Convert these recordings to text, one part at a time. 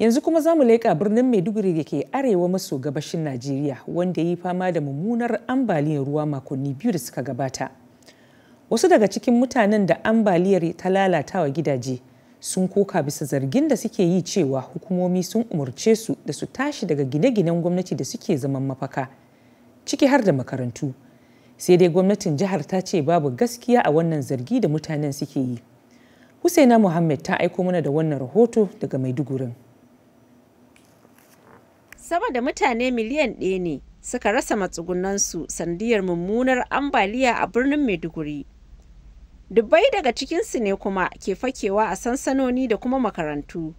Yanzu kuma za mu leƙa birnin Maiduguri da ke arewa maso gabashin Najeriya wanda ya yi fama da mummunar ambaliyar ruwa makonni biyu da suka gabata. Wasu daga cikin mutanen da ambaliyar ta lalata wa gidaje sun koka bisa zargin da suke yi cewa hukumomi sun umarce su da su tashi daga gine-ginen gwamnati da suke zaman mafaka, ciki har da makarantu. Sai dai gwamnatin jihar ta ce babu gaskiya a wannan zargi da mutanen suke yi. Husaina Muhammad ta aiko mana da wannan rahoto daga Maidugurin. sama da mutane miliyan ɗaya ne suka rasa matsugunansu sandiyar mummunar ambaliya a birnin maiduguri dubbai daga cikinsu ne kuma ke fakewa a sansanoni da kuma makarantu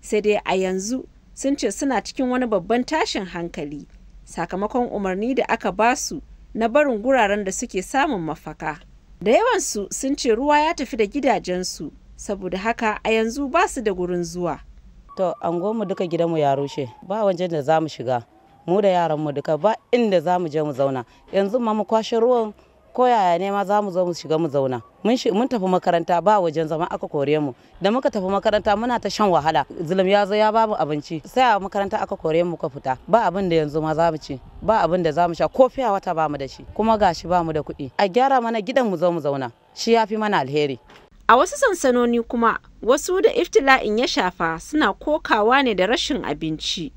sai dai a yanzu sun ce suna cikin wani babban tashin hankali sakamakon umarni da aka ba su na barin guraren da suke samun mafaka da yawansu sun ce ruwa ya tafi da gidajensu saboda haka a yanzu ba su da gurin zuwa to mu duka mu ya rushe ba wajen da za shiga mu da mu duka ba inda za je mu zauna yanzu ma mu kwashe ruwan ko yaya ne ma za mu zo mu shiga mu zauna mun tafi makaranta ba wajen zama aka kore mu da muka tafi makaranta muna ta shan wahala zulum ya zo ya babu abinci sai a makaranta aka kore mu ka fita ba abin da yanzu ma za ci ba abin da za sha ko fiya wata ba da shi kuma gashi ba mu da kuɗi a gyara mana gidan mu zo mu zauna shi yafi mana alheri A wasu sansanoni kuma wasu da iftila'in ya shafa suna kokawa ne da rashin abinci.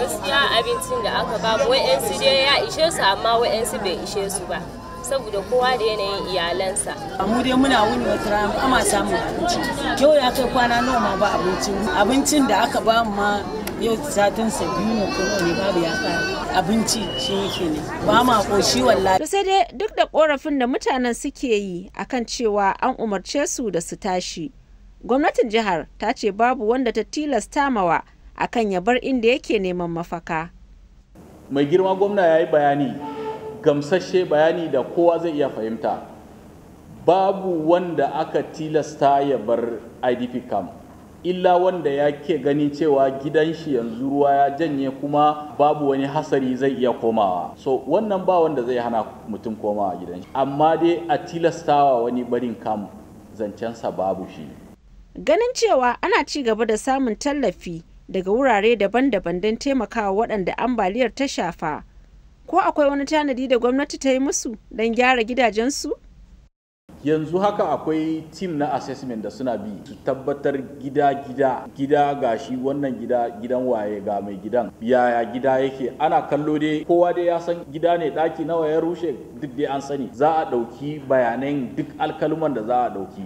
Gaskiya abincin da aka ba wa'yansu dai ya ishe su amma wa'yansu bai ishe su ba. saboda kowa da yanayin iyalansa. mu dai muna wuni wata rana ba samun abinci. Yau ya kai kwana nawa ma ba abincin. Abincin da aka ba ma yau satin sa biyu ne ko ne babu ya ƙara abinci shi yake ne ba ma shi wallahi. sai dai duk da korafin da mutanen suke yi akan cewa an umarce su da su tashi gwamnatin jihar ta ce babu wanda ta tilasta mawa akan ya bar inda yake neman mafaka. mai girma gwamna ya yi bayani gamsashe bayani da kowa zai iya fahimta babu wanda aka tilasta ya bar idp camp illa wanda ya ke ganin cewa gidan shi yanzu ruwa ya janye kuma babu wani hasari zai iya komawa so wannan ba wanda zai hana mutum komawa gidan shi amma dai a tilastawa wani barin kam zancensa babu shi ganin cewa ana ci gaba da samun tallafi daga wurare daban-daban don taimakawa waɗanda ambaliyar ta shafa ko akwai wani tanadi da gwamnati ta yi musu don gyara gidajensu? yanzu haka akwai tim na assessment da suna bi su tabbatar gida gida gida ga shi wannan gida gidan waye ga mai gidan yaya gida yake ana kallo dai kowa dai ya san gida ne daki nawa ya rushe duk dai an sani za a ɗauki bayanan duk alkaluman da za a ɗauki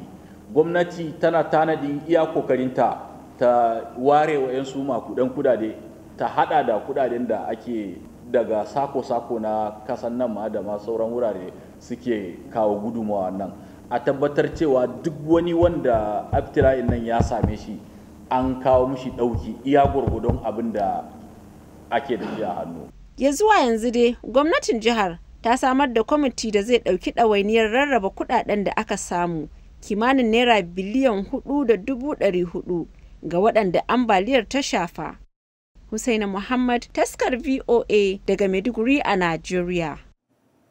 gwamnati tana tanadin iya kokarinta ta ware wa wa'yansu makudan kudade ta hada da kudaden da ake daga sako-sako na kasan nan ma da ma sauran wurare suke kawo gudunmawa nan a tabbatar cewa duk wani wanda abtirayin nan ya same shi an kawo mishi ɗauki iya gurgudun abin da ake da a hannu ya zuwa yanzu dai gwamnatin jihar ta samar da kwamiti da zai ɗauki ɗawainiyar rarraba kuɗaɗen da aka samu kimanin naira biliyan hudu da dubu ɗari hudu ga waɗanda ambaliyar ta shafa. Husaina Muhammad taskar VOA daga Maiduguri a Najeriya.